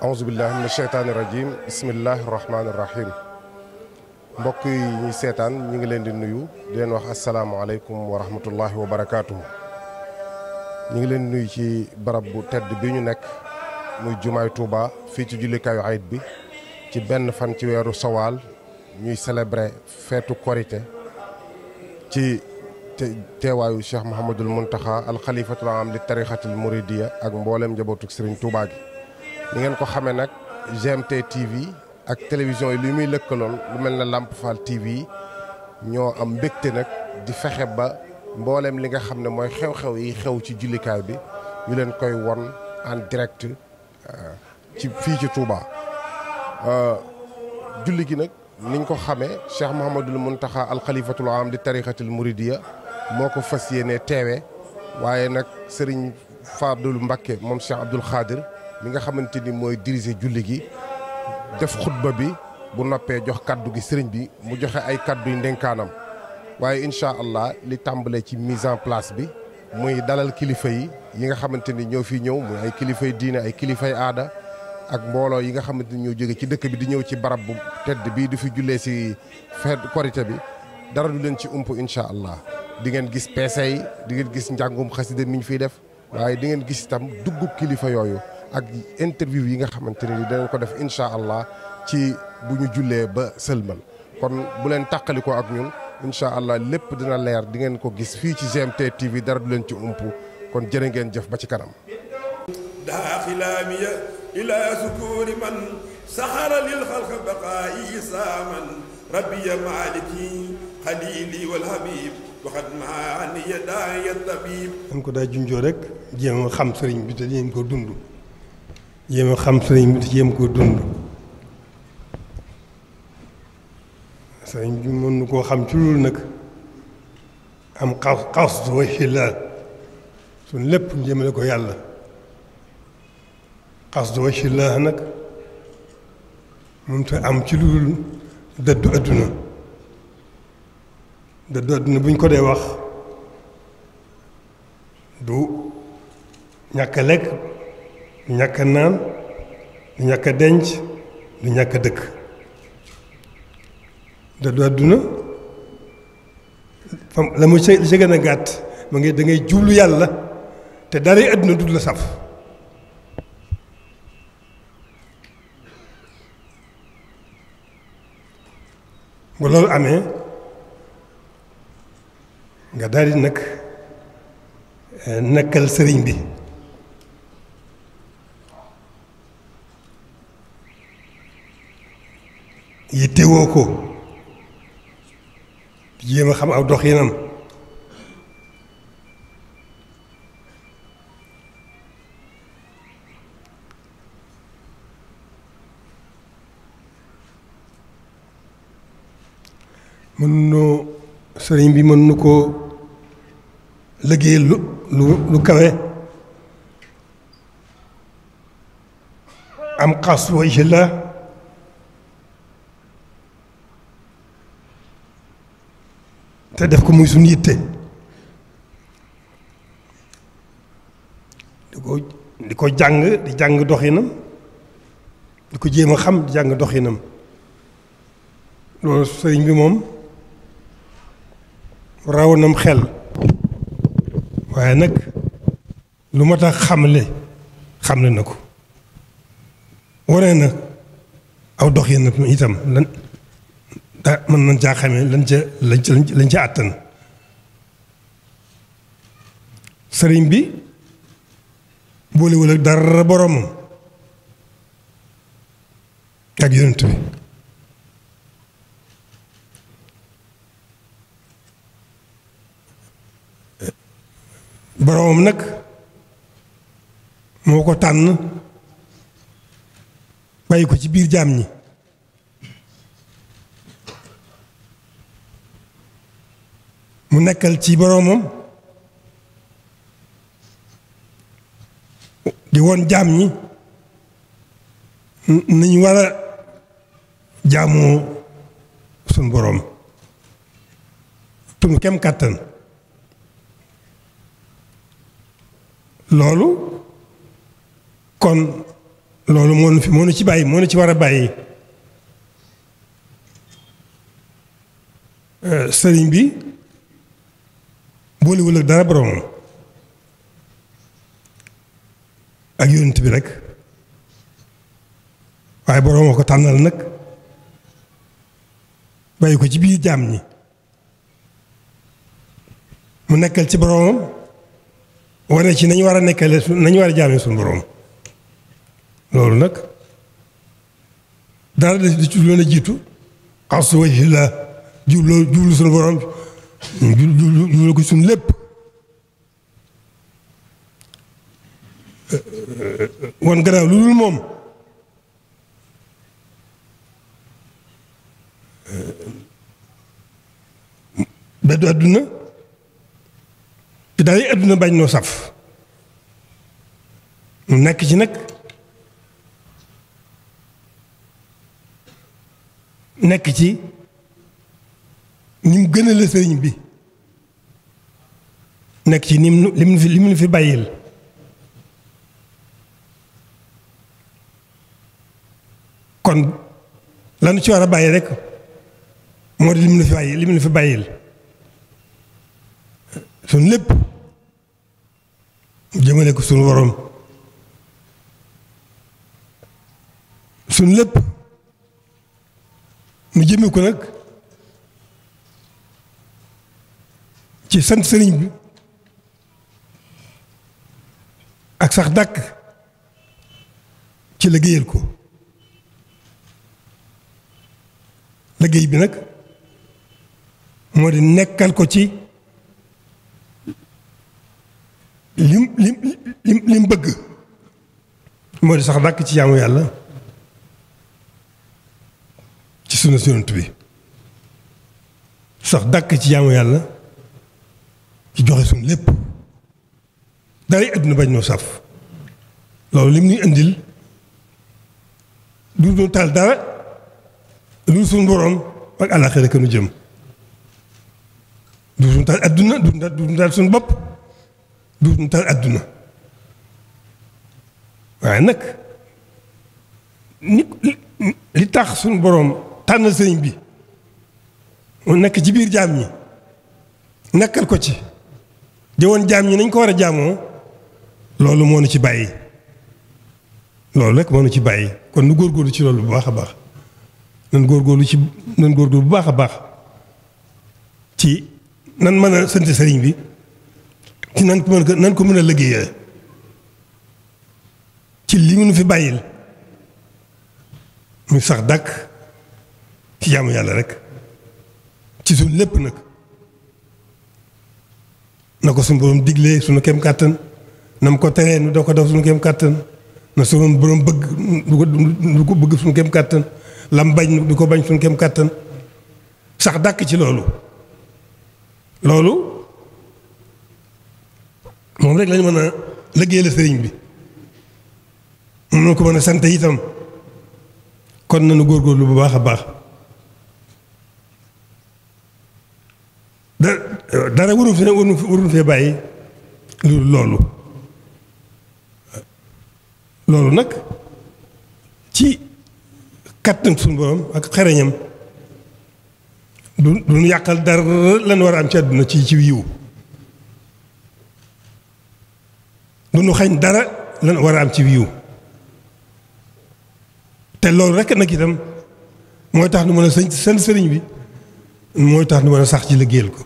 aousubillah min asheytaani rajim bismillahi rahmaani rahim mbokk yi ñuy seetaan ñu ngi leen di nuyu di leen wax asalaamualeykum wa rahmatullahi wa barakaatuhu ñu ngi leen nuyu ci barab bu tedd bi ñu nekk muy jumaay Touba fii ci jullikaayu ayit bi ci benn fan ci weeru sowaal ñuy célébrer feetu korité ci teewaayu Cheikh Mouhamadul Mountakha alxalifatul am li tarixatil muridiya ak mboolem njabootu Serigne Touba gi ni ngeen ko xamee nag GMT TV ak télévision yi li muy lëkkaloon lu mel na Lamp Fall TV ñoo am mbégte nag di fexe ba mbooleem li nga xam ne mooy xew-xew yi xew ci jullikaay bi ñu leen koy won en direct euh, ci fii ci Touba. Euh, julli gi nag niñ ko xamee Cheikh Mouhamadul Mountakha alxalifatul am di tarixatil Mouridiya moo ko fas yéenee teewe waaye nag sëriñ Serigne Fadul Mbakke moom Cheikh Abdoul Khadir. mi nga xamante ni mooy diriger julli gi def xutba bi bu noppee jox kaddu gi sëriñ bi mu joxe ay kaddu yu waaye incha allah li tàmbalee ci mise en place bi muy dalal kilifa yi yi nga xamante ni ñoo fii ñëw muy ay kilifay diine ay kilifay aada ak mbooloo yi nga xamante ni ñoo jóge ci dëkk bi di ñëw ci barab bu tedd bii di fi jullee si feet korite bi dara du leen ci umpu incha allah di ngeen gis peese di ngeen gis njàngum xasida mi ñu fiy def waaye di ngeen gis itam duggub kilifa yooyu ak interview yi nga xamante ne nii danañ ko def incha allah ci bu ñu jullee ba sëlmal kon bu leen takkalikoo ak ñun incha allah lépp dina leer di ngeen ko gis fii ci GMT TV dara du leen ci ump kon jërë ngeen jëf ba ci kanam. daaxilaamiya ilaa sukuuri man saxara lil xalq baqaayi saaman rabbiya maaliki xaliili wal habib waxat maa niya daaya tabib. dañ ko daa junjoo rek jéem a xam sëriñ bi te dinañ ko dund. jéem a xam sëriñ bi jéem koo dund sëriñ bi nu koo xam ci loolu nag am xaw xaw su wajhi suñ lépp jëmale ko yàlla xas wajhi laa nag mënut am ci lu dul dëddu adduna dëddu adduna bu ñu ko dee wax du ñàkk lekk ñàkk a naan ñàkk denc du ñàkk a dëkk dadu àdduna fam la mu sa sa gën a gàtt mu ngi da ngay jublu yàlla te dara àdduna du la saf bu loolu amee nga daldi di nag eh, nekkal sëriñ bi yittewoo ko jéem a xam aw doxinam mën noo sëriñ bi mën nu koo liggéey lu lu am xas wa la te def ko muy suñu yitte di ko di ko jàng di jàng doxinam di ko jéem a xam di jàng doxinam loolu sëriñ bi moom raw nam xel waaye nag lu ma tax xamle xamle na ko wane na aw doxinam itam Ah, mën nañ caa xamee lañ ca lañ ca lañ ca àttan sëriñ bi boolewul ak dara boromam ak yonent bi boromam nag moo ko tànn bàyyi ko ci biir jaam yi mu nekkal ci boroomam di won jaam ñi niñ war a jaamoo suñ boroom tum kem kàttan loolu kon loolu moo nu ci bàyyi moo nu ci war a bàyyi eh, sëriñ bi boolewul ak dara boromam ak yonent bi rek waaye borom ko tànnal nag bàyyi ko ci biir jaam ñi mu nekkal ci boromam wane ci nañu war a nekkale nañu war a jaamee suñ borom loolu nag dara da ci loon jiitu xasu wajhi la jublu jublu borom ñu jul jul ko suñ lépp wan gannaaw lu dul moom beddu àdduna te daal yi àdduna bañ noo saf nekk ci nag nekk ci ni mu gën a la bi nekk ci ni mu lim fi lim bàyyil kon lanu ci war a bàyyi rek moo di lim la fi bàyyi lim fi bàyyil suñ lépp jëmale ko suñu waroom suñ lépp mu jëme ko nag ci sant sëriñ bi ak sax dàkk ci liggéeyal ko liggéey bi nag moo di nekkal ko ci lim lim lim bëgg moo di sax dàkk ci jaamu yàlla ci sunu sunant bi sax dàkk ci jaamu yàlla ci joxe suñ lépp daray adduna bañ noo saf loolu lim ñuy indil du ñu taal dara lu suñ boroom ak àllaaxira ka nu jëm du suñ taal adduna du ñu taal suñ bopp du ñu taal adduna waaye nag ni li tax suñ boroom tànn sëriñ bi moo nekk ci biir jaam ñi nekkal ko ci jëwoon jaam ñi nañ ko war a jaamoo loolu moo nu ci bàyyi loolu rek moo nu ci bàyyi kon nu góorgóorlu ci loolu bu baax a baax nan góorgóorlu ci nan góor bu baax a baax ci nan mën a sant sëriñ bi ci nan ko mën a nan ko mën a liggéeyee ci li mu fi bàyyil mu sax dàkk ci jaamu yàlla rek ci suñ lépp nag. na ko suñu borom diglee suma kem kàttan na mu ko teree nu doo ko def suñu kem kàttan na suñu borom bëgg du ko bëgg suñu kem kàttan lam bañ du ko bañ suñu kem kàttan sax dàkk ci loolu loolu moom rek lañ mën a liggéeyal sëriñ bi mën ko mën a sant itam kon nañu góorgóorlu bu baax a baax da dara waru fi waru fee bàyyi loolu loolu nag ci kattan suñu borom ak xereñam du duñu yàqal dara lan war a am ci àdduna ci ci yiw duñu xañ dara lan war a am ci yiw te loolu rekk nag itam mooy tax nu mën a sëñ seen sëriñ bi mooy tax nu mën a sax ci liggéeyal ko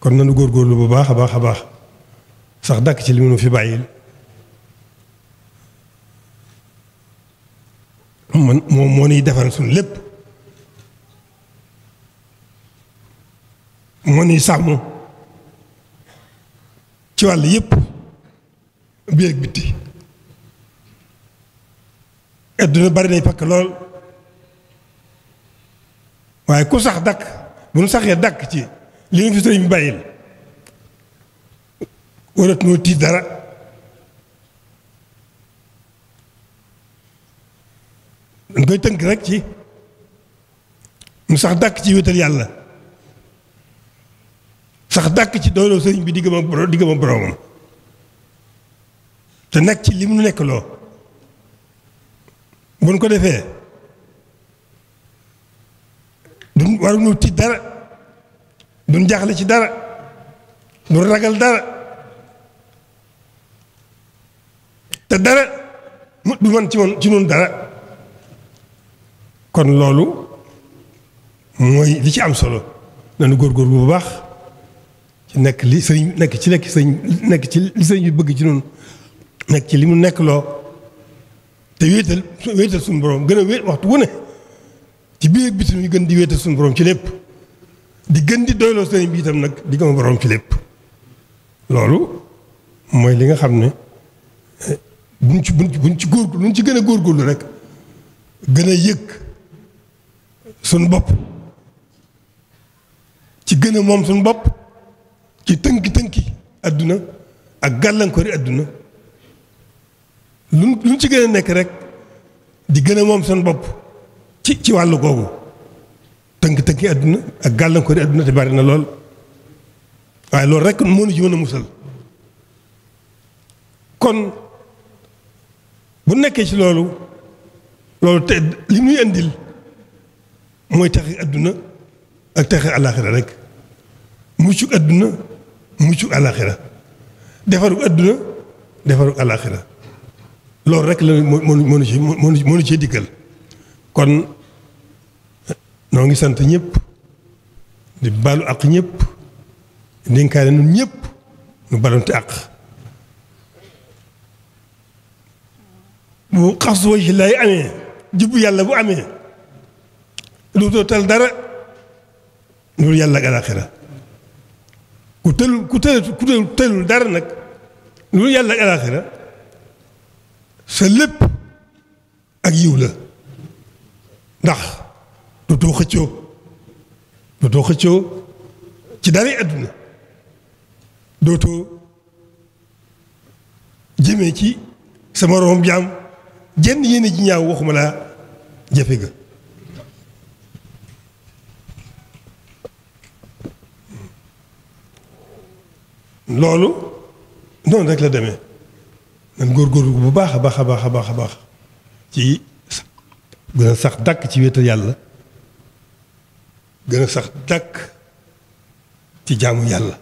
kon nanu góorgóorlu bu baax a baax a baax sax dàkk ci li mu fi bàyyil man moom moo niy defar suñ lépp moo niy sàmm ci wàll yépp bi ak bitti adduna bari nay pakk lool waaye ku sax dakk bu nu saxee dàkk ci li ñu fi sëriñ bàyyil warat noo tiit dara dañ koy tënk rek ci mu sax dàkk ci wétal yàlla sax dàkk ci dooloo sëriñ bi diggam ak diggam te nekk ci li mu nekk loo bu nu ko defee war waruñu tiit dara duñ jaaxle ci dara duñ ragal dara te dara mu du man ci woon ci noonu dara kon loolu mooy li ci am solo góor góor bu baax ci nekk li sëñ nekk ci nekk sëñ nekk ci li sëñ bi bëgg ci noonu nekk ci li mu nekk loo te wéetal wéetal suñu borom gën a wéet waxtu wu ne ci biir bitim ñu gën di wéetal suñu borom ci lépp di gën di doyloo sëriñ bi itam nag di gëm boroom ci lépp loolu mooy li nga xam ne eh, buñ ci buñ ci góor luñ ci gën a góorgóorlu rek gën a yëg suñu bopp ci gën a moom suñu bopp ci tënki-tënki àdduna ak gàllankoori àdduna lu luñ ci gën a nekk rek di gën a moom suñu bopp ci ci wàllu googu tënk-tënki àdduna ak gàllankoori àdduna te bari na lool waaye loolu rek moo ñu ci mën a musal kon bu nekkee ci loolu loolu te li muy indil mooy taxi àdduna ak taxi àllaaxira rek muccu àdduna muccu àllaaxira defaru àdduna defaru àllaaxira loolu rek la moo moo moo ñu ci moo ñu ci dikkal kon noo ngi sant ñëpp di balu ak ñëpp dénkaane nun ñëpp nu balonte ak bu xas wajhi laay amee jubbu yàlla bu amee dootoo tal dara loolu yàlla ak alaxira ku tëlul ku tëlul ku dara nag loolu yàlla ak alaxira sa lépp ak yiw la ndax dootoo xëccoo dootoo xëccoo ci dara àdduna dootoo jëmee ci sama moroom jaam jenn yéene ji ñaaw waxuma laa jëfe ga loolu noonu rek la deme nan góorgóorlu bu baax a baax a baax a baax a baax ci gën a sax dàkk ci wéetal yàlla gën a sax dàkk ci jaamu yàlla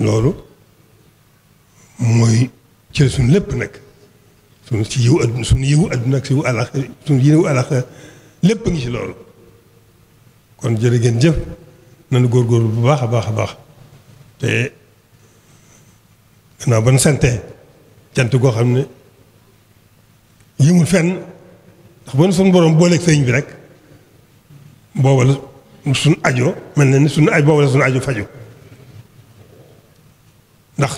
loolu mooy ci suñu lépp nag suñu ci yiw adduna suñu yiwu adduna ak si yiwu alax suñu yiwu ngi ci loolu kon jërë ngeen jëf nañu góorgóorlu bu baax a baax a baax te gannaaw ban sante cant goo xam ne yëmul fenn ndax bu nu suñu borom booleeg sëñ bi rek booba suñ ajo mel na ni suñu aj booba la ajo fajo ndax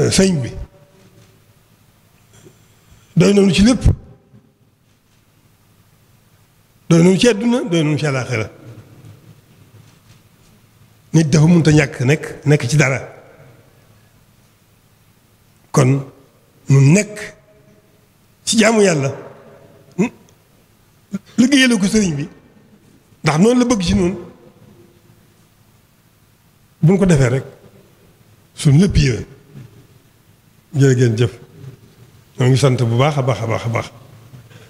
euh, sëñ bi doy nañu ci lépp doy nañu ci àdduna doy nañu ci àllaaxira nit dafa mënut a ñàkk nekk nekk ci dara kon nu nekk ci jaamu yàlla hmm? liggéeyale ko sëriñ bi ndax noonu la bëgg ci noonu bu ñu ko defee rek suñ lépp yéwén jërë ngeen jëf ñoo ngi sant bu baax a baax a baax a baax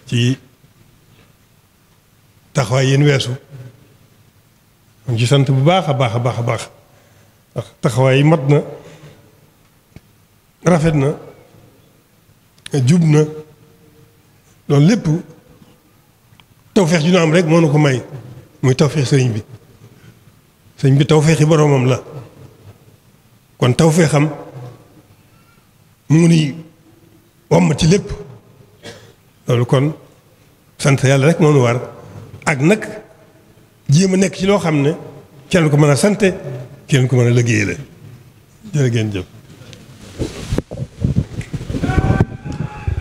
ci taxawaay yéen weesu ñoo ngi sant bu baax a baax a baax a baax taxawaay mat na rafet na jub na loolu lépp tawfeex ju ñu am rek moo na ko may muy tawfeex sëriñ bi sëriñ bi tawfeexi boroomam la kon tawfeexam mu ni ma ci lépp loolu kon sant yàlla rek moo nu war ak nag jéem a nekk ci loo xam ne kenn ko mën a sante kenn ko mën a liggéey la jërë ngeen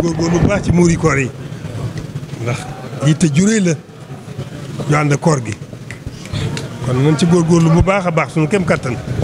góorgóorlu bu baax ci muuri koor yi ndax yitte juréy la ñu ànd koor gi kon nañ ci góorgóorlu bu baax a baax suñu kem kàttan